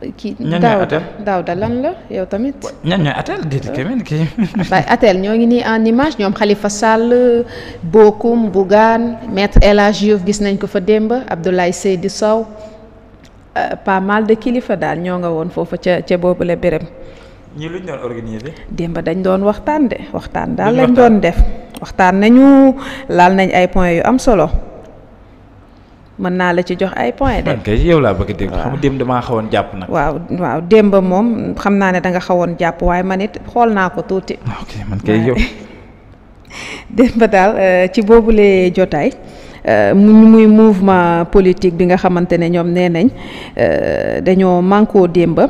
kii Daouda Daouda lan la yow tamit. ñan ñooy atel déedéet tamit kii. waaye atel ñoo ngi nii en image ñoom Khalifa Sall Bokum Bougane maître El Hadj Diouf gis nañ ko fa démb Abdoulaye Seydi Sow euh, pas mal de kilifa daal ñoo nga woon foofa ca ca boobule béréb. ñii démb dañ doon waxtaan de waxtaan daal lañ doon def. waxtaan nañu laal nañ ay point yu am solo. mën naa la ci jox ay points de. man kay yow laa bëgg a démb damaa xawoon jàpp nag. waaw waaw démb moom xam naa ne danga xawoon jàpp waaye man xool naa ko tuuti. Ah, ok man kay yow. Euh, ci boobule jotaay. Euh, muy mouvement politique bi nga xamante ne ñoom nee nañ euh, dañoo mànkoo démba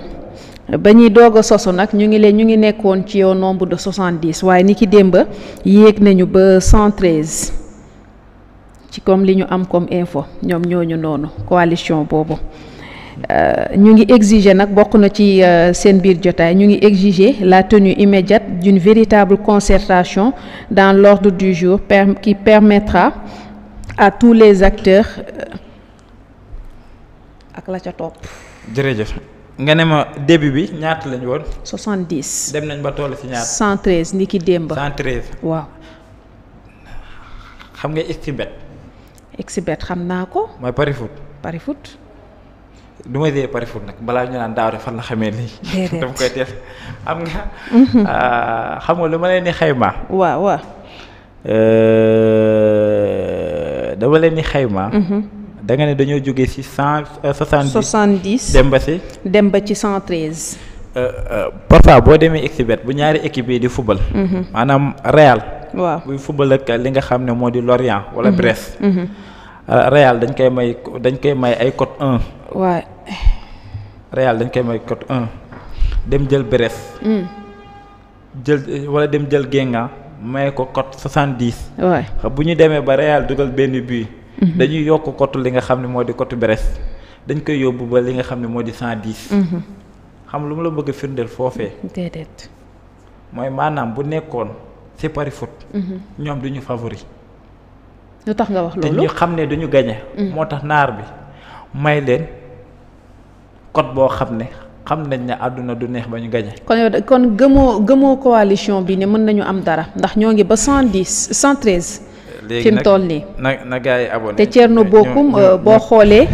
ba ñuy doog sosu nag ñu ngi leen ñu ngi nekkoon ci yow nombre de 70 waaye ni ki démba yéeg nañu ba 113. comme li ñu am comme info ñoom ñooñu noonu coalition boobu euh, ñu ngi exiger nag bokk na ci euh, seen biir jotaay ñu ngi exiger la tenue immédiate d'une véritable concertation dans l'ordre du jour qui permettra à tous les acteurs euh, ak la ca topp. jërëjëf nga ne ma début bi ñaata lañu woon. 70. dem nañ ba toll ci ñaata. 113 ni ki démb. 113 waaw. xam nga istibet Xbet xam naa ko. mooy pari foot. pari foot. du may dee pari foot nag balaa ñu naan daaw fan la xamee lii. dama koy def am nga. Mhm. Ah, xam nga lu ma leen di xayma. waaw euh, dama leen di xayma. Mhm. da nga ne dañoo jógee ci euh, soixante dix. soixante dem ba ci. dem ci cent treize. Euh, parfois boo demee Xbet bu ñaari équipe yi di football. Mhm. maanaam Real. waaw buy football ak li nga xam ne moo di Lorient wala mhm. Brest. Mhm. Ah, Real dañ koy may dañ koy may ay cote un. waaw. Real dañ koy may cote un dem jël Brest. Mm. jël wala dem jël Guingamp may ko cot soixante dix. waay bu ñu demee ba Real dugal benn but. Mhm. dañuy yokk cote li nga xam ne moo di cote Brest dañ koy yóbbu ba li nga xam ne moo di cent dix. xam lu mu la bëgg a firndeel foofee. mooy maanaam bu nekkoon. c'est pari foot. Mhm. ñoom duñu ñu favori. lu tax nga wax loolu te xam ne duñu ñu mhm. moo tax naar bi may leen code boo xam ne xam nañ ne àdduna du neex ba ñu gagné. kon kon gëmoo gëmoo coalition bi ne mën nañu am dara ndax ñoo ngi ba cent dix cent treize. léegi nag fi mu toll nii na na gars yi abonné te Thierno euh, boo xoolee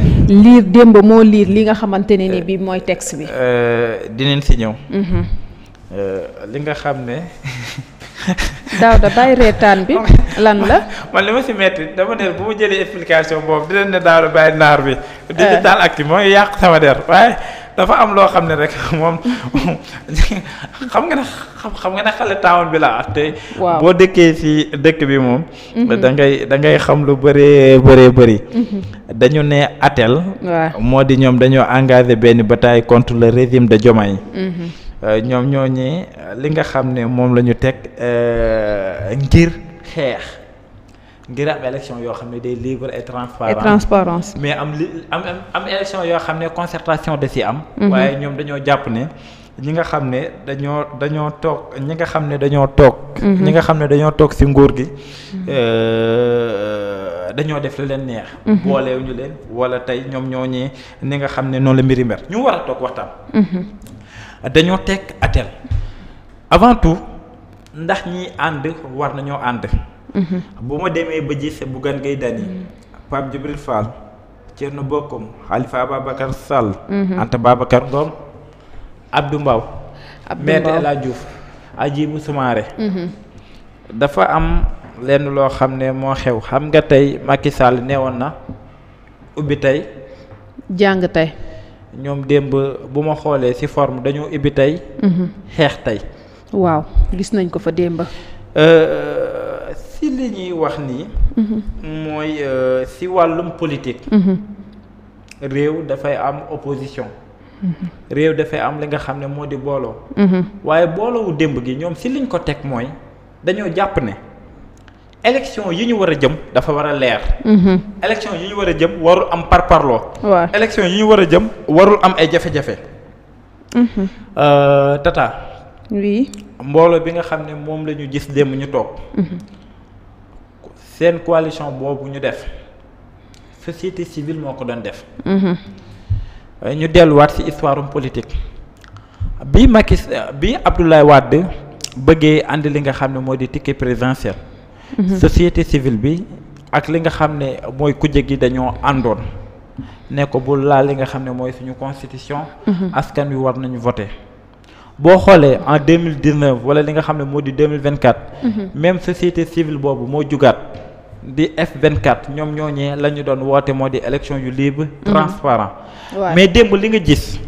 liir démb moo liir li nga xamante ne ni euh, bi mooy texte bi. Euh, dinañ si ñëw. Mhm. li nga xam ne. Daouda bàyyi reetaan bi lan la. man li ma si metti dama ne bu ma jëlee explication boobu di leen ne Daouda bàyyi naar bi. Eh. daal acti mooy yàq sama der waaye dafa am loo xam ne rek moom xam nga ne xam nga ne xale town bi la te. waaw boo dëkkee si dëkk bi moom. Mhm. dangay ngay da ngay xam lu bëree bëree bari mhm. dañu ne atel. moo di ñoom dañoo engagé benn bataille contre le régime de yi ñoom ñoo ñi li nga xam ne moom la ñu teg euh, ngir xeex ngir am élection yoo xam ne day libre et transparent transparence mais am li am am élection yoo xam ne concertation de ci am mhm. waaye ñoom dañoo jàpp ne ñi nga xam ne dañoo dañoo toog ñi nga xam ne dañoo toog mhm. ñi nga xam ne dañoo toog ci nguur gi mhm. euh, dañoo def la leen neex booleew ñu leen walla tey ñoom ñoo ñi ni nga xam ne noonu la mbiri mer ñu war a toog waxtaan dañoo teg atel avant tout ndax ñi ànd war nañoo ànd. Mhm. bu ma demee ba gis Bougane Gueye Dany mhm. Pape Djibril Fall Thierno Bocoum Khalifa Ababacar Sall. Mhm. Anta Babacar Ngom Abdou Mbow. Abdou Mbow Maître El Hadji Diouf Hadjibou dafa am lenn loo xam ne moo xew xam nga tey Macky Sall neewoon na ubbi tey. jàng tey. ñoom démb bu ma xoolee ci forme dañoo ibbi tey. Mhm. xeex tey. waaw gis nañ ko fa démba euh, ci li ñuy wax nii. Mhm. mooy euh, ci wàllum politique. Mhm. réew dafay am opposition. réew dafay am li nga xam ne moo di booloo. waaye booloowu démb gi ñoom ci liñ ko teg mooy dañoo jàpp ne. élection yi ñu war a jëm dafa war a leer. Mhm. élection yi ñu war a jëm warul am parparloo. waaw élection yi ñu war a jëm warul am ay jafe-jafe. Mhm. Euh, Tata. oui. mbooloo bi nga xam ne moom lañu gis démb ñu toog. Mhm. seen coalition boobu ñu def société civile moo ko doon def. Euh, ñu delluwaat ci histoire politique bi Macky bi Abdoulaye Wade bëggee ànd li nga xam ne moo di ticket présidentiel. Mm-hmm. société civile bi ak li nga xam ne mooy kujje gi dañoo àndoon ne ko bu laal li nga xam ne mooy suñu constitution. Mm-hmm. askan wi war nañu voter. boo xoolee en deux mille dix neuf wala li nga xam ne moo di deux mille vingt quatre. Mm-hmm. même société civile boobu moo jugaat di F24 ñoom ñooñee la ñu doon woote moo di élection yu libre. transparent mais démb li nga gis.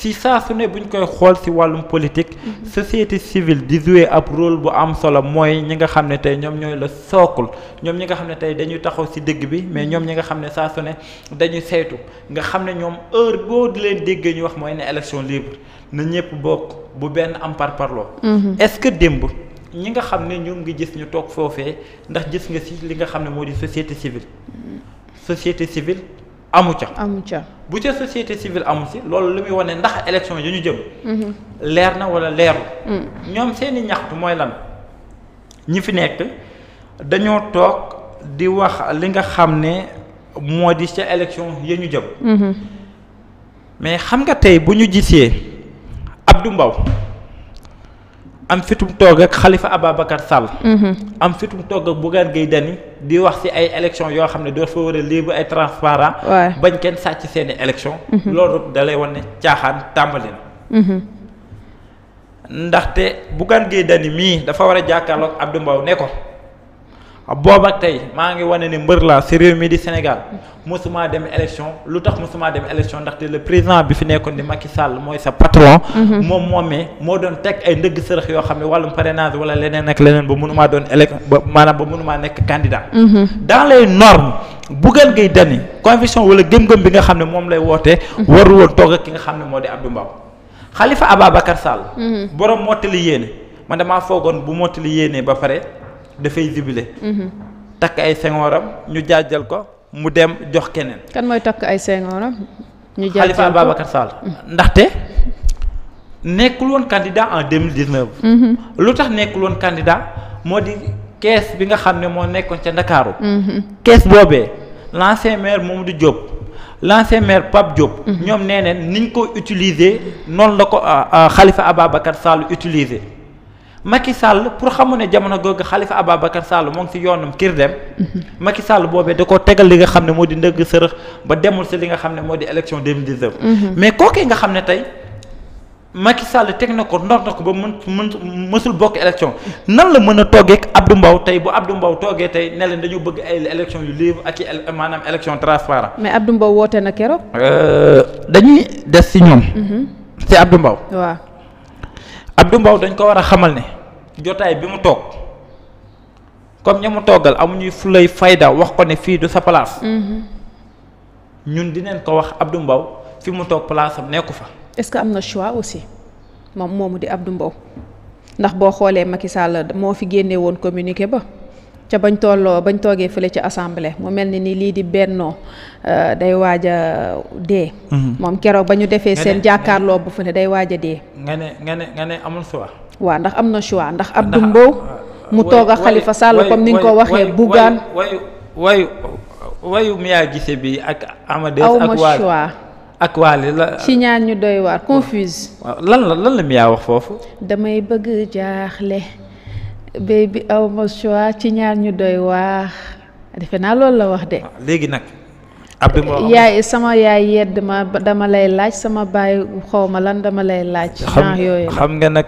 ci saa su ne buñ koy xool si wàllum politique mhm. société civile di jouer ab rôle bu am solo mooy ñi nga xam ne tey ñoom ñooy la sookul ñoom ñi nga xam ne tey dañuy taxaw si dëgg bi mais ñoom ñi nga xam ne saa su ne dañuy saytu nga xam ne ñoom heure boo di leen déggee ñu wax mooy ne élection libre na ñëpp bokk bu benn am par parloo mhm. est-ce que démb ñi nga xam ne ñoom ngi gis ñu toog foofee ndax gis nga si li nga xam ne moo di société civile mhm. societé civile amu ca amu ca bu ca société civile amu si loolu li muy wane ndax élection yu ñu jëm mhm. leer na wala leerul mhm. ñoom seeni ñaxtu mooy lan ñi fi nekk dañoo toog di wax li nga xam ne moo di ca élection yi ñu jëm mhm. mais xam nga tey bu ñu gisee Abdou Mbow am fitum toog ak Khalifa Ababacar Sall. Mhm. am fitum toog ak Bougane Gueye Dany di wax ci ay élection yoo xam ne doo fa war a libre ay transparent bañ kenn sàcc seeni élection mhm. loolu dalay wan ne caaxaan tàmbali na mhm. ndaxte Bougane Gueye Dany mii dafa war a jàkkaarloog Abdou Mbow ne ko Ah, booba tey maa ngi wane ne mbër laa si réew mi di Sénégal mosuma dem élection lu tax mosuma dem élection ndaxte la président bi fi nekkoon di Macky Sall mooy sa patron. Mhm. moom moomee moo doon teg ay ndëgg sërëx yoo xam ne wàllum parrainage wala leneen ak leneen ba mënumaa doon élec ba maanaam ba mënumaa nekk candidat. Mhm. dans les normes Bougane Gueye Dany conviction wala gëm-gëm bi nga xam ne moom lay woote mhm. waru woon ak ki nga xam ne moo di Abdou Mbow. Khalifa Ababacar Sall. borom mottali yéene man damaa foogoon bu mottali yéene ba pare. dafay jubilé. Mhm. takk ay sengooram ñu jaajal ko mu dem jox keneen. kan mooy takk ay sen sengooram. ñu jaajal ko Khalifa Ababacar Sall. Mhm. ndaxte nekkul woon candidat en deux mille mhm. lu tax nekkul woon candidat moo di kees bi nga xam ne moo nekkoon ca Ndakaaru. kees boobee l'ancien maire Mamadou Diop. l'ancien maire Pape Diop. ñoom nee niñ ko utiliser noonu la ko xalifa euh, euh, Ababacar Sall utiliser. Macky Sall pour xamu ne jamono googu Khalifa Ababacar Sall moo ngi si yoonam kir dem. Mhm. Macky Sall boobee da ko tegal li nga xam ne moo di ndëgg sërëx ba demul si li nga xam ne moo di élection 2019. Mhm. mais kookee nga xam ne tey Macky Sall teg na ko ndor na ko ba mën mën mësul bokk élection nan la mën a toogee ak Abdou tey bu Abdou mbaw toogee tey ne leen dañu bëgg ay élection yu libre ak maanaam élection transparent mais Abdou Mbow woote na keroog. Euh, dañuy des si ñoom. Mhm. si Abdou Mbow dañ ko war a xamal ne jotaay bi mu toog comme ña mu toggal amuñuy fulay fayda wax ko ne fii du sa place. Mm-hmm. ñun dinañ ko wax Abdou Mbow fi mu toog place am nekku fa. est-ce que am na choix aussi moom moo mu di Abdou Mbow ndax boo xoolee Macky Sall moo fi génne woon communiqué ba. ca bañ tolloo bañ toogee fële ci assemblée mu mel ni nii lii di bennoo euh, day waaja a dee. Mhm. moom keroog ba ñu defee seen jàkkaarloo bu fële day waaj a dee. nga ne nga ne nga ne amul choix. waaw ndax am na choix ndax Abdou Mbow. mu toog a Khalifa Sall comme ni nga ko waxee. Bougane wayu wayu wayu Mia Guissé bi ak. Amadou ak ak waale la ci ñaan ñu doy waar confuse. lan la lan la Mia wax foofu. damay bëgg jaaxle. béy bi aw ma choix ci ñaar ñu doy waa defe naa loolu la wax de. Ah, léegi nag. abdi yaay sama yaay yedd ma dama lay laaj sama baay xaw ma lan dama lay laaj. genre yooyu xam nga nag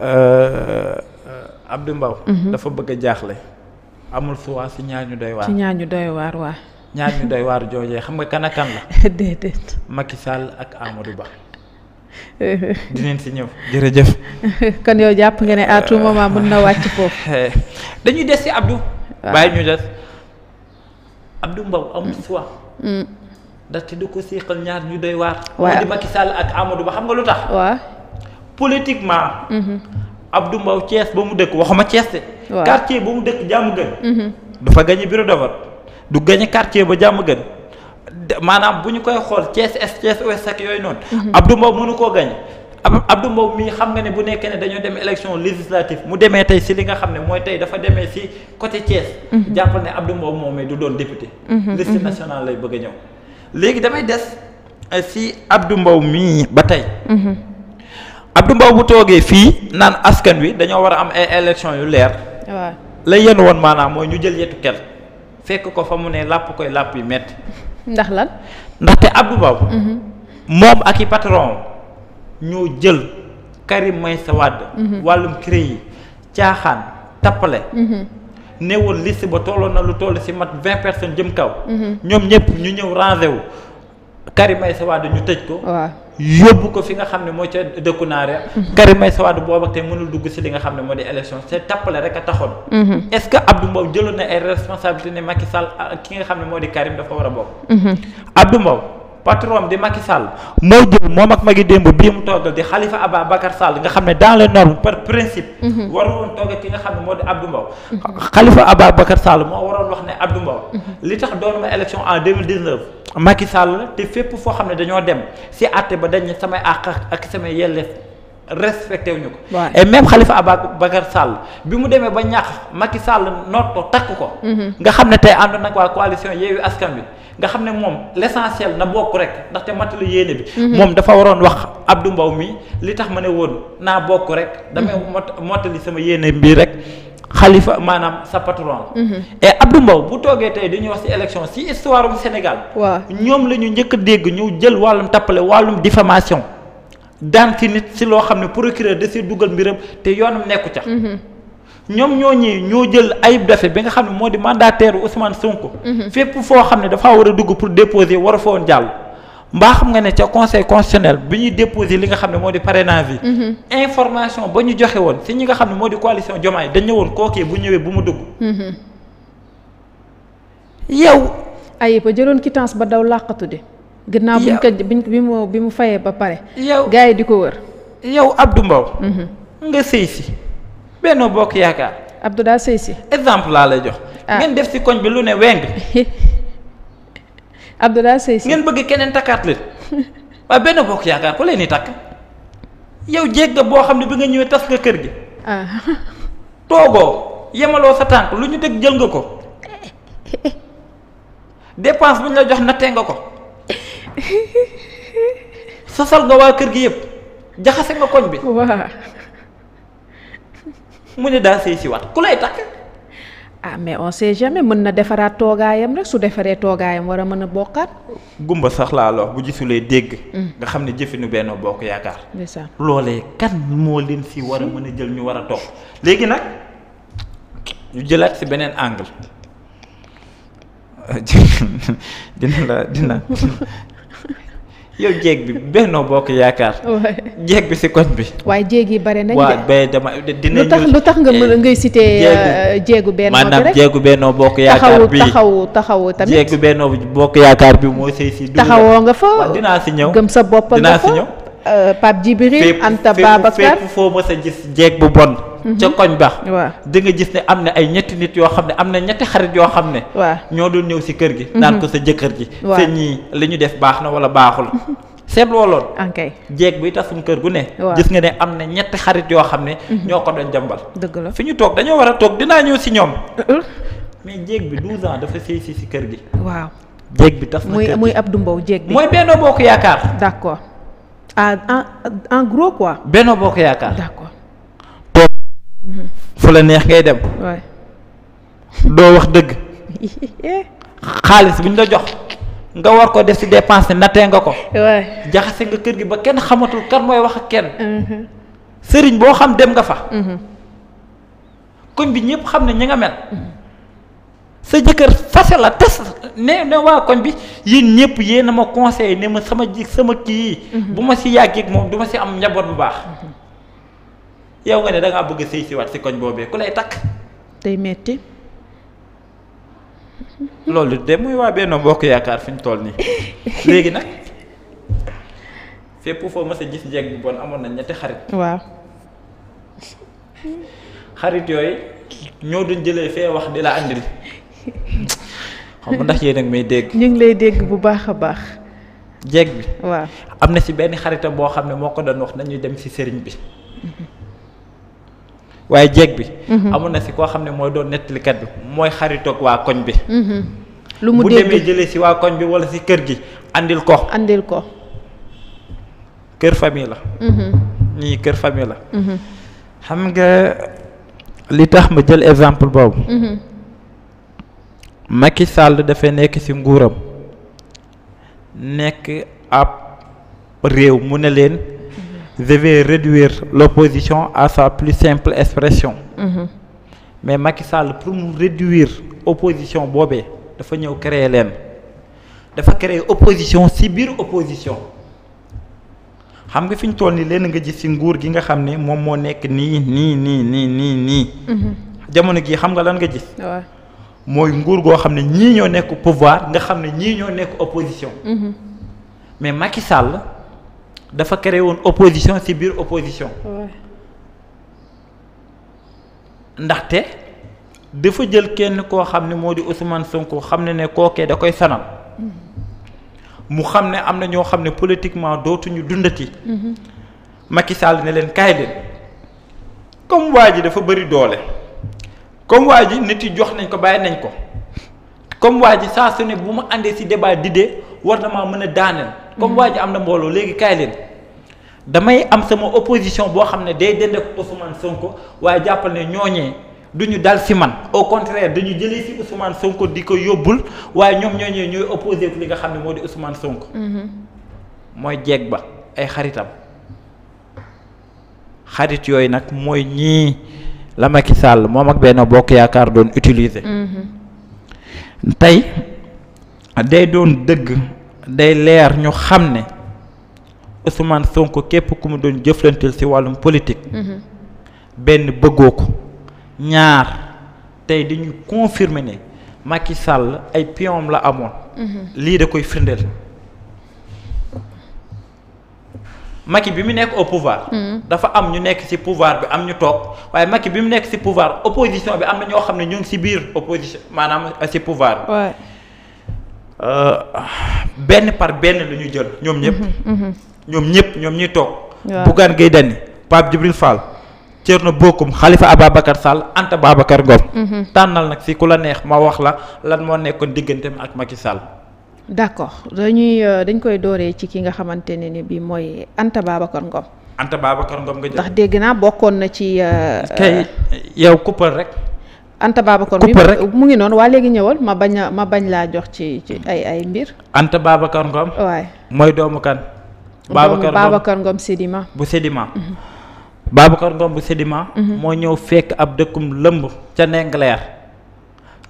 euh, euh, Abdou Mbaw mhm. dafa bëgg a jaaxle. amul choix ci ñaar ñu doy waar. ci ñu doy waar waa. ñaar ñu doy waar joojee xam nga kan ak kan la. déedéet. Macky Sall ak Amadou Ba. dinañ si ñëw jërëjëf. kon yow jàpp nga ne à tout moment mën na wàcc foofu. dañuy des si abdu waaw bàyyi ñu des Abdou Mbow am mm. choix. Mm. ndaxte du ko seexal ñaar ñu doy waar. waaw di Macky Sall ak Amadou xam nga lu tax. waaw politiquement. Mm-hmm. Abdou mbaw cees ba mu dëkk waxuma Thiès de. quartier ba mu dëkk jàmm gën. Mm-hmm. du fa gañe bureau de du gañe quartier ba jàmm gën. maanaam bu ñu koy xool Thiès Est Thiès Ouest ak yooyu noonu. Mhm. Abdou Mbow mënu koo gañ Abdou Mbow mii xam nga ne bu nekkee ne dañoo dem élection législative mu demee tey si li nga xam ne mooy tey dafa demee si côté Thiès. Mhm. jàppal ne Abdou Mbow moom du doon député. Mhm. liste nationale lay bëgg a ñëw. léegi damay des euh, si Abdou Mbow mii ba tey. Abdou Mbow bu toogee fii naan askan wi dañoo war a am ay élection yu leer. waaw la yenn woon maanaam mooy ñu jël yetu kel fekk ko mu ne làpp koy ndax lan ndaxte Abdou Babou mhm. moom ak i patron ñoo jël Karim Meïssa Wade mhm. wàllum cré yi caaxaan tappale mhm. ne woon liste ba tolloon na lu toll ci mat vingt personnes jëm kaw ñoom ñëpp ñu ñëw rangé wu Karim Meïssa Wade ñu tëj ko yóbbu ko fi nga xam ne moo ca dëkku naare mhm. Karim Meïssa Wade boobu ak tey mënul dugg si li nga xam ne moo di élection c'est tappale rek a taxoon mhm. est-ce que Abdou Mbow jëloon na ay responsabilité ne Macky Sall ki nga xam ne moo di Karim dafa war a bokk mhm. Abdou Mbow patron di Macky Sall moo jël moom ak magi démb bii mu toogal di Khalifa Ababacar Sall nga xam ne dans les normes par principe waru woon toogal ki nga xam ne moo di Abdou Mbow Khalifa Ababacar Sall moo waroon Macky Sall te fépp foo xam ne dañoo dem si àtte ba dañ samay àq ak samay yelleef respecté wuñu ko. et même Khalifa Ababacar sàll bi mu demee ba ñàkk Macky Sall noot takk ko. Mhm. nga xam ne tey ànd na ko ak coalition Yewwi Askan Wi nga xam ne moom l' na bokk rek ndaxte matali yéene bi. Mhm. moom dafa waroon wax du mbaw mi li tax ma ne woon naa bokk rek. damay mhm. mot mottali sama yéene bi rek. xalifa maanaam sa patron mhm. et Abdou Mbow bu toogee tey dañuy wax ci élection ci histoire bu Sénégal waa ñoom la ñu njëkk a dégg ñu jël wàllum tappale wàllum diffamation daan ci nit ci loo xam ne procureur da ci dugal mbiram te yoonam nekku ca mhm. ñoom ñoo ñi ñoo jël Ayib Daffé bi nga xam ne moo di mandataire Ousmane Sonko mhm. fépp foo xam ne dafaa war a dugg pour déposer war a fa jàll mbaa xam nga ne ca conseil constitutionnel bi ñuy déposé li nga xam ne moo di parrainage yi. Mhm. information ba ñu joxe woon si ñi nga xam ne moo di coalition Diomaye dañ ñëwoon kookee bu ñëwee bu mu dugg. Mhm. yow. ayib ba jëloon quittance ba daw làqatu de. ginnaaw bi ñu bi mu bi fayee ba pare. yow gars yi di ko wër. yow Abdou Mbow. Mhm. nga sëy si. Benno Bokk Yaakaar. Abdou daa sëy si. exemple laa lay jox. Ah. ngeen def si koñ bi lu ne weng. Abdoulaye Seye si ngeen bëgg keneen takkaat leen waaye benn bokk yaakaar ku leen di takk yow jéeg nga boo xam ne bi nga ñëwee tas nga kër gi. Ah. toogoo yemaloo sa tànk lu ñu teg jël nga ko dépense bu ñu la jox nattee nga ko sosal nga waa kër gi yëpp jaxase nga koñ bi. waaw mu ne daa sëy si waat ku lay takk. ah mais on sait jamais mën na defaraat toogaayam rek su defaree toogaayam war a mën a bokkaat. gumba sax laa lor bu gisulee dégg. Mm. nga xam ne jëfinu benn bokk yaakaar. loolee kan moo leen si war a mën a jël ñu war a toog léegi nag ñu jëlaat si beneen angle. dina la dina yow jéeg bi Benno Bokk Yaakaar. jéeg bi si koñ bi. waaye jéeg yi bare nañ de. waaw bay dama dinañu. lu tax lu tax nga mën ngay cité. jéegu euh, Benno bi rek maanaam jéegu Benno Bokk Yaakaar bi taxawu taxawu tamit. jéegu Benno Bokk Yaakaar bi moo sëy si. taxawoo nga fa waaw dinaa si ñëw gëm sa bopp nga dinaa si ñëw. Euh, Pape Djibril Anta Babacar fépp foo mës a gis jeeg bu bon. Mhm. ca koñ ba. waaw di gis ne am na ay ñetti nit yoo xam ne am na ñetti xarit yoo xam ne. waaw ñoo doon ñëw si kër gi. Mhm. naan ko sa jëkkër ji. waaw te ñii li ñu def baax na wala baaxul. Mhm. seet looloon ok jeeg buy tasum kër gu ne gis nga ne am na ñetti xarit yoo xam ne ñoo ko doon jàmbal dëgg la fi ñu toog dañoo war a toog dinaa ñëw si ñoom euh, euh. mais jéeg bi douze ans dafa sëy si si kër gi waaw jéeg bi tas na muy ab Abdou Mbow jéeg bi mooy Benno Bokk Yaakaar d'accord en en gros quoi. Benno Bokk Yaakaar. d'accord. toog mhm. fu la neex ngay dem. waay doo wax dëgg. xaalis bi ñu la jox. nga war ko def ci dépense nattee nga ko. waay jaxase nga kër gi ba kenn xamatul kan mooy wax ak kenn. Mhm. sëriñ boo xam dem nga fa. Mhm. koñ bi ñëpp xam ne ñi nga mel. sa jëkkër fase la tes ne ne waa koñ bi yéen ñëpp yéen a ma conseillé ne ma sama ji sama kii mhm. bu ma si yàggeeg moom du ma si am njaboot bu baax mhm. yow nga ne da ngaa bëgg sëy si waat si koñ boobee ku lay takk tey metti loolu de muy waa benn Bokk Yaakaar fi ñu tool nii léegi nag fépp foo mës a gis jeeg bu bon amoon nañ ñetti xarit waaw xarit yooyu ñoo duñ jëlee fee wax di la andil xam nga ndax yéen a may dégg. ñu ngi lay dégg bu baax a baax. jeeg bi waaw am na si benn xaritam boo xam ne moo ko doon wax nañuy dem si sëriñ bi waaye jeeg bi. Mhm. amoon na si koo xam ne mooy doon nettalikat bi mooy xaritoog waa koñ bi. Mhm. lu mu demee jëlee si waa koñ bi wala si kër gi andil ko. andil ko. kër famille la. Mhm. ñii kër famille la. xam nga li tax ma jël exemple boobu. Macky sàll dafa nekk ci nguuram nekk ab réew mu ne leen mhm. je vais réduire l'opposition à sa plus simple expression mhm. mais Macky Sall pour mu réduire opposition boobee dafa ñëw créer leen dafa créer opposition ci biir opposition xam nga fi ñu toll nii leen nga gis ci nguur gi nga xam ne moom moo nekk nii nii nii nii nii nii mhm. jamono gii xam nga lan nga gis mooy nguur goo xam ne ñii ñoo nekk pouvoir nga xam ne ñii ñoo nekk opposition. Mhm. mais Macky Sall dafa créé woon opposition ci biir opposition. ndaxte dafa jël kenn koo xam ne moo di Ousmane Sonko xam ne ne kookee da koy sanal. Mhm. mu xam ne am na ñoo xam ne politiquement dootuñu dundati. Mhm. Macky Sall ne leen kaay leen comme waa ji dafa bari doole. comme waa ji nit yi jox nañ ko bàyyi nañ ko comme waa ji saa su ne bu ma àndee si débat d'idée war na maa mën a daaneel. comme waa ji am na mbooloo léegi kaay leen damay am sama opposition boo xam ne day dend ak Ousmane Sonko waaye jàppal ne ñooñee du ñu dal si man au contraire ñu jëlee si Ousmane Sonko di ko yóbbul waaye ñoom ñooñee ñooy opposé li nga xam ne moo di Ousmane Sonko. Mm-hmm. mooy jeeg ba ay xaritam xarit yooyu nag mooy ñii. la Macky Sall moom ak benn bokk yaakaar doon utiliser. Mhm. tey day doon dëgg day leer ñu xam ne Ousmane sonk képp ku mu doon jëflanteel ci wàllum politik mhm. benn bëggoo ko ñaar tey dañuy confirmer ne Macky Sall ay pion la amoon. Mhm. lii da koy firndeel. Macky bi mu nekk au pouvoir. Hmm. dafa am ñu nekk ci pouvoir bi am ñu toog waaye Macky bi mu nekk ci pouvoir opposition bi am na ñoo xam ne ñu ngi ci biir opposition maanaam euh, ci pouvoir bi. Euh, benn par benn lu ñu jël ñoom ñëpp. Mhm, mhm. ñoom ñëpp ñoom ñuy toog. waaw Bougane Gueye Dany Pape Djibril na Thierno xalifa Khalifa Ababacar Sall Anta Babacar Ngom. Mhm. tànnal nag ci ku la neex ma wax la lan moo nekkoon diggante digganteem ak Macky Sall. d'accord dañuy euh, dañ koy dooree ci ki nga xamante ne ni bii mooy Anta Babacar Ngom. Anta Babacar Ngom nga jël ndax dégg naa bokkoon na ci. Euh, kay yow kuppal rek. Anta Babacar mi mu ngi noonu waa léegi ñëwal ma bañ ma bañ laa jox ci ci ay ay mbir. Anta Babacar Ngom. waay mooy doomu kan. Babacar Ngom Babacar bu Sedima. Mhm. Babacar Ngom bu Sedima. Mhm. moo ñëw fekk ab dëkkum lëmb ca Ndingler.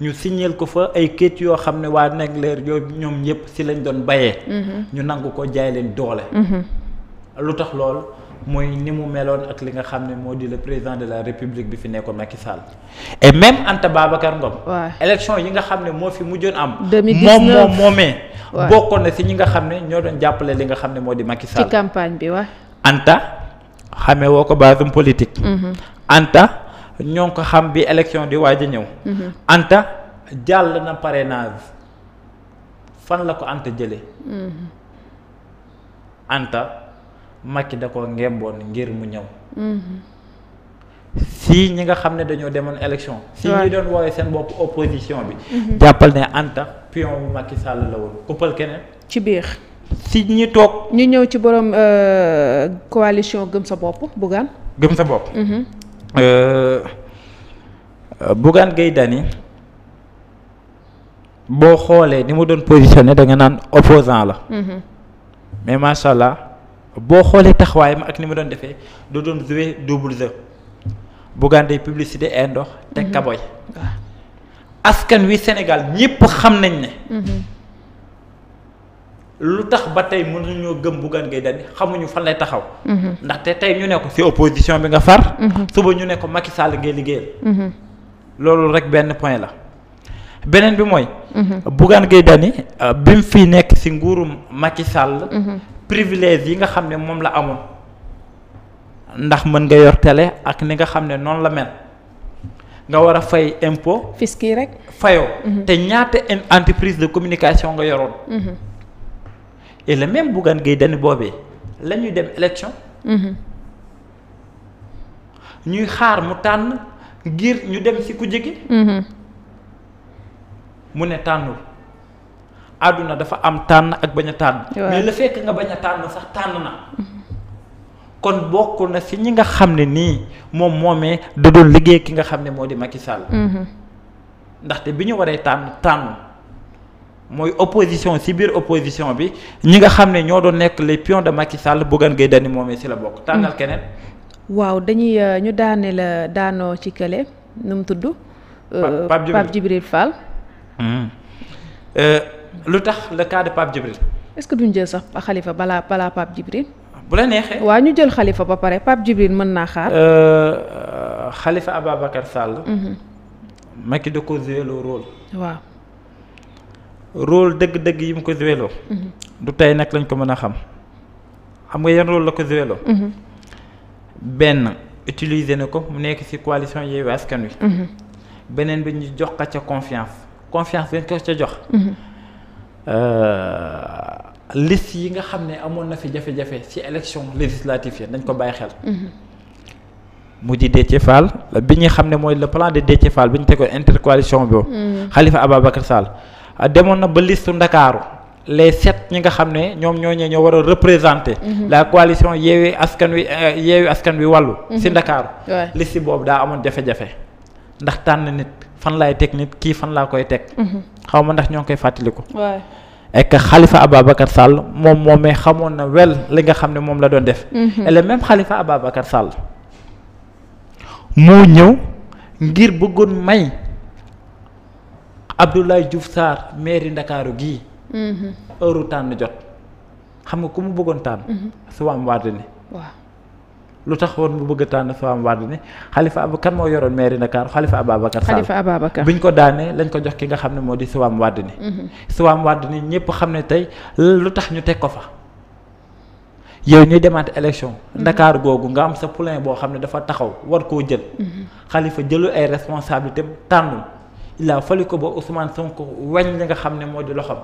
ñu signeel ko fa ay kayit yoo xam ne waa nekk leer yooyu ñoom ñëpp si lañ doon bayee. Mhm. ñu nangu ko jaay leen doole. Mhm. lu tax lool mooy ni mu meloon ak li nga xam ne moo di le président de la république bi fi nekkoon Macky Sall. et même Anta Babacar Ngom. waaw yi nga xam ne moo fi mu mujjoon am. 2019 moom moom moomee. waaw bokkoon na si ñi nga xam ne ñoo doon jàppale li nga xam ne moo di Macky Sall. ci campagne bi waaw. Anta xamee woo ko basum politique. Mhm. Anta. ñoo ngi ko xam bi élection di waaj a ñëw. Mhm. Anta jàll na pare parrainage fan la ko Anta jële mhm. Anta Macky da ko ngemboon ngir mu ñëw. si mhm. ñi nga xam ne dañoo demoon élection. si ñi doon woowee seen bopp opposition bi. jàppal ne Anta pion bu Macky Sall la woon kuppal keneen. ci biir. si ñu toog. ñu ñëw ci borom euh, coalition gëm sa bopp Bougane. gëm sa bopp. Euh, Bougane Gueye Dany boo xoolee ni ma doon positionné da nga naan opposant la. Mhm. mais macha allah boo xoolee taxawaayam ak ni mu doon defee da doon joué double jeu Bougane day publicité te kaboy mhm. askan wi Sénégal ñëpp xam nañ ne. Mhm. lu tax ba tey ñoo gëm Bougane Gueye Dany xamuñu fan lay taxaw. Mhm. ndaxte tey ñu ne ko ci opposition bi nga far. Mhm. suba ñu ne ko Macky Sall ngay liggéeyal. Mhm. loolu rek benn point la. beneen bi mooy. Bougane Gueye Dany euh, bi mu fii nekk ci nguurum Macky Sall. privilège yi nga xam ne moom la amoon. ndax mën nga yor tele ak ni nga xam ne noonu la mel. nga war a fay impôt. fisc yi rek fayoo. te ñaata entreprise de communication nga yoroon. et le même Bougane Gueye Dany boobee la ñuy dem élection. Mhm. ñuy xaar mu tànn ngir ñu dem ci ku jege. Mhm. mu ne tànnul àdduna dafa am tànn ak bañ a tànn. mais la fekk nga bañ a tànn sax tànn na. Mhm. kon bokk na ci ñi nga xam ne nii moom moomee da doon liggéey ki nga xam ne moo di Macky Sall. ndaxte bi ñu waree tànn tànn. mooy opposition ci biir opposition bi ñi nga xam ne ñoo doon nekk les pions de Macky Sall Bougane Gueye Dany moomee ci la bokk. tànnal mm. keneen. waaw dañuy euh, ñu daane la daanoo ci kële nu mu tudd. Pape euh, Djibril Pape Djibril Fall. Mm. Euh, lu tax le cas de Pape Djibril. est que duñ jël sax xalifa balaa balaa Pape Djibril. bu la neexee waa ñu jël xalifa ba pare Pape Djibril mën naa xaar. xalifa Ababacar Sall. Mhm. Macky da ko joué le rôle. waaw. rôle dëgg-dëgg yi mu ko jouéloo du tey nag lañ ko mën a xam xam nga yan rôle la ko jouéloo mhm. benn utiliser na ko mu nekk ci coalition Yewwi Askan Wi mhm. beneen bi ñu jox ko ca confiance confiance dañ ca jox mhm. euh, liste yi nga xam ne amoon na fi jafe-jafe ci élection législative yi dañ ko bàyyi xel mu di Déthié Fall bi ñu xam ne mooy la plan de Déthié Fall bi ñu tegoon intercoalition boobu Khalifa Ababacar Sall Ah, demoon na ba listu Ndakaaru les sept ñi nga xam ne ñoom ñooñee ñoo war a représenter mhm. la coalition yeewi askan wi euh, yeewi askan wi wàllu si mhm. Ndakaaru liste boobu daa amoon jafe-jafe ndax tànn nit fan lay teg nit kii fan laa koy teg mhm. xaw ma ndax ñoo ngi koy fàttaliku et que Khalifa Ababacar Sall moom moomee xamoon na wel li nga xam ne moom la doon def et le même Khalifa Ababacar Sall moo ñëw ngir bëggoon may Abdoulaye Diouf Sarr maire Ndakaaru gii. Mhm. heure tànn jot xam nga ku mu bëggoon tànn. Mhm. Soham Wardini. waaw lu tax woon mu bëgg a tànn Soham Wardini Khalifa Abu kan moo yoroon maire Ndakaaru xalifa Ababacar Sall Khalifa ko daanee lañ ko jox ki nga xam ne moo di ni Wardini. Mhm. Soham Wardini ñëpp xam ne tey lu tax ñu teg ko fa. yow ñuy demaat élection ndakaaru googu nga am sa poulain boo xam ne dafa taxaw war koo jël xalifa jëlul ay responsabilités tànnul il a fallu ko ba Ousmane Sonko wañ li nga xam ne moo di loxoom.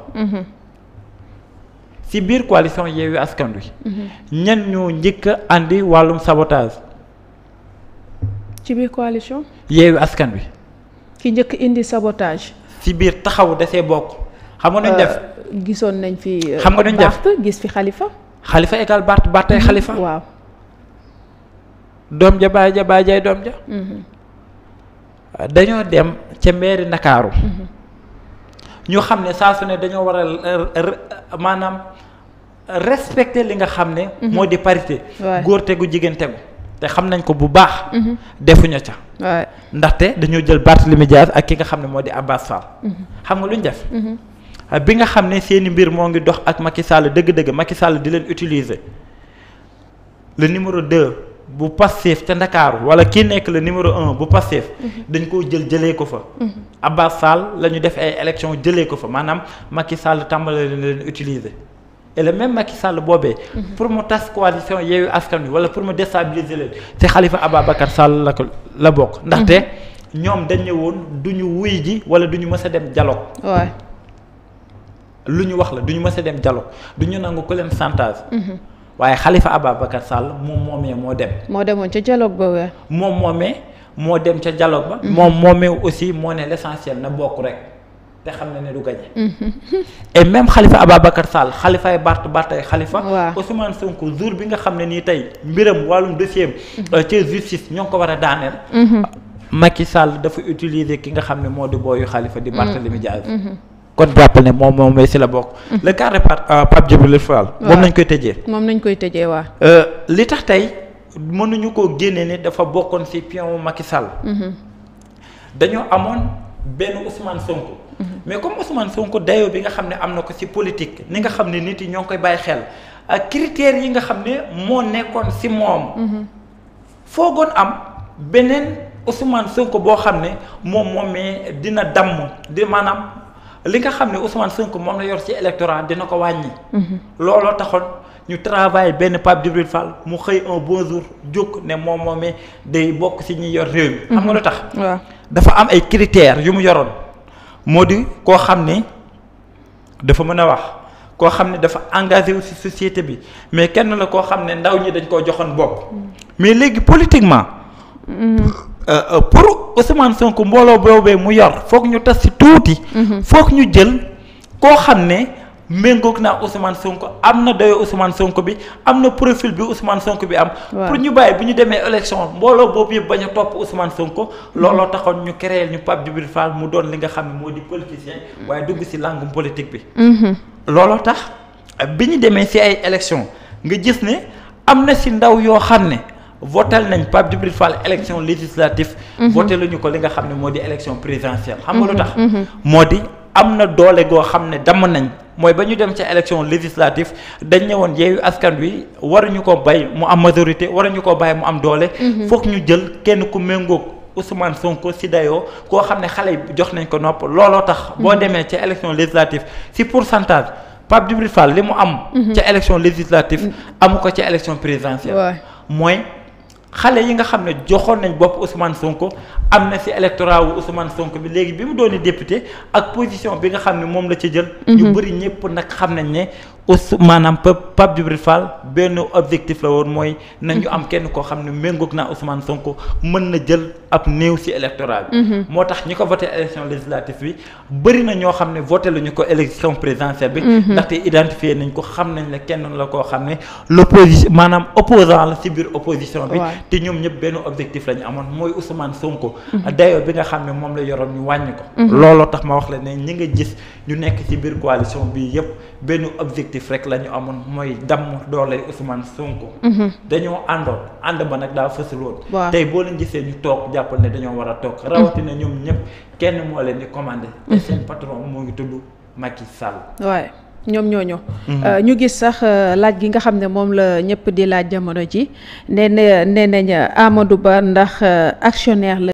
ci mhm. biir coalition Yewwi Askan Wi. Mhm. ñan ñoo njëkk a andi wàllum sabotage. ci biir coalition. Yewwi Askan Wi. ki njëkk indi sabotage. ci biir taxaw dafee bokk. xam nga nuñ def euh, gisoon nañ fi. Euh, xam nga nuñ def gis fi xalifa Khalifa égal Barth Barth ay mhm. waaw. doom ja baay ja baay jaay doom ja. dañoo dem ca mairie Ndakaaru mhm. ñu xam ne saa su ne dañoo waral euh, maanaam respecter li nga xam ne mhm. moo di parité góor tegu jigéen tegu te xam nañ ko bu baax mhm. defuñu ca ndaxte dañoo jël Barthélémy Dias ak ki nga xam ne moo di Abbas Fall xam nga lu ñu def euh, bi nga xam ne seeni mbir moo ngi dox ak Macky Sall dëgg-dëgg Macky Sall di leen utiliser le numéro deux bu Pastef te Ndakaaru wala kii nekk la numéro un bu Pastef mhm. dañ koo jël jëlee ko fa mhm. Abbas Sall la ñu def ay élection jëlee ko fa maanaam Macky Sall tàmbale leen utiliser et le même Macky Sall boobee mhm. pour mu tas coalition Yewwi Askan Wi wala pour mu déstabiliser leen ci Khalifa Ababacar Sall la ko la bokk ndaxte ñoom dañ ne woon duñu ñu wuy ji wala du ñu mës a dem dialogue lu ñu wax la duñu mësa dem dialogue du ñu nangu ku leen chantage waaye Khalifa Ababacar Sall moom moomee moo dem. moo demoon ca dialogue ba weer. moom moomee moo dem ca dialogue ba. Mhm. moom moomee aussi moo ne l' na bokk rek te xam na ne du gagné. Mhm. et même Khalifa Ababacar Sall Khalifa ay Bart Bart ay Khalifa. waaw Ousmane Sonko jour bi nga xam ne nii tey mbiram wàllum dossier am. Mhm. Euh, ca justice ñoo ko war a daaneel. Macky Sall dafa utiliser ki nga xam ne moo di booyu xalifa di Barthélémy Dias. kon jàppal moom moom moom si la bokk. Mm. le cas de Pape euh, Djibril Fall. moom nañ koy tëjee. moom lañu koy tëjee waaw. Euh, li tax tey mënuñu koo génne ne dafa bokkoon si pion Macky Sall. Mm-hmm. dañoo amoon benn Ousmane Sonko. Mm-hmm. mais comme Ousmane Sonko dayoo bi nga xam ne am na ko si politique ni nga xam ne nit yi ñoo ngi koy bàyyi xel ak critères yi nga xam ne moo nekkoon si moom. Mm-hmm. foogoon am beneen Ousmane Sonko boo xam ne moom moom dina damm di maanaam. li nga xam ne Ousmane Sonko moom la yor ci électorat dina ko wàññi. Mhm. looloo taxoon ñu travail benn Pape Djibril Fall mu xëy un bon jour jóg ne moom moomee day bokk ci ñi yor réew mi. xam nga lu mhm. tax. dafa am ay critères yu mu yoroon moo di koo xam ne dafa mën a wax. koo xam ne dafa engagé wu ci société bi mais kenn la koo xam ne ndaw ñi dañ koo joxoon bopp mhm. mais léegi politiquement. Euh, euh, pour Ousmane Sonko mbooloo boobee mu yor foog ñu tas ci tuuti. Mhm. foog ñu jël koo xam ne méngoog naa Ousmane Sonko am na dayoo Ousmane Sonko bi am na profil bi Ousmane Sonko bi am. pour ñu bàyyi bu ñu demee élection mbooloo boobu yëpp bañ a topp Ousmane Sonko. Mhm. looloo taxoon ñu créé ñu Pape Djibril Fall mu doon li nga xam ne moo di politicien waaye dugg ci làngum politique bi. Mhm. looloo tax bi ñu demee ci ay élection nga gis ne am na ci ndaw yoo xam ne. votel nañ Pape Djibril Fall élection législative mhm. voté lu ko li nga xam ne moo di élection présidentielle xam nga lu mhm, tax mhm. moo di am na doole goo xam ne damm nañ mooy ba ñu dem ca élection législative dañ ne woon yeeyu askan wi waruñu ko bay mu am majorité ñu ko bay mu am doole foog ñu jël kenn ku méngoog Ousmane Sonko si dayoo koo xam ne xale yi jox nañ ko nopp looloo tax boo demee ca élection législative si pourcentage Pape Djibril Fall li mu am ca élection amu ko ca élection présidentielle mooy xale yi nga xam ne joxoon nañ bopp Ousmane Sonko am na ci électorat wu Ousmane bi léegi bi mu doon député ak position bi nga xam ne moom la ci jël. Mhm. ñu bëri ñëpp nag xam nañ ne us maanaam Pape Djibril Fall benn objectif la woon mooy nañu am kenn koo xam ne méngoog naa Ousmane Sonko mën na jël ab néew ci électorat bi mhm. moo tax ñi ko voté élection législative bi bëri na ñoo xam ne voté lu ñu ko élection présidentielle bi mhm. ndaxte identifié nañ ko xam nañ la kenn la koo xam ne l'opposition maanaam opposant la ci biir opposition bi te ñëpp benn objectif la amoon mooy Ousmane Sonko mhm. dayoo bi nga xam ne moom la yoroon ñu wàññi ko looloo tax ma wax la ne ñi nga gis ñu nekk ci biir coalition bi yëpp benn objectif rek la ñu amoon mooy damm doole Ousmane Sonko. Mhm. dañoo àndoon ànd ba nag daa fësuloon. tey boo leen gisee ñu toog jàppal ne dañoo war a toog. Mhm. rawatina ñoom ñëpp kenn moo leen di commandé. te mhm. seen patron moo ngi tudd Macky Sall. waaye ñoom ñooñu. Euh, ñu gis sax euh, laaj gi nga xam ne moom la ñëpp di laaj jamono ji nee na nee Ba ndax euh, actionnaire la.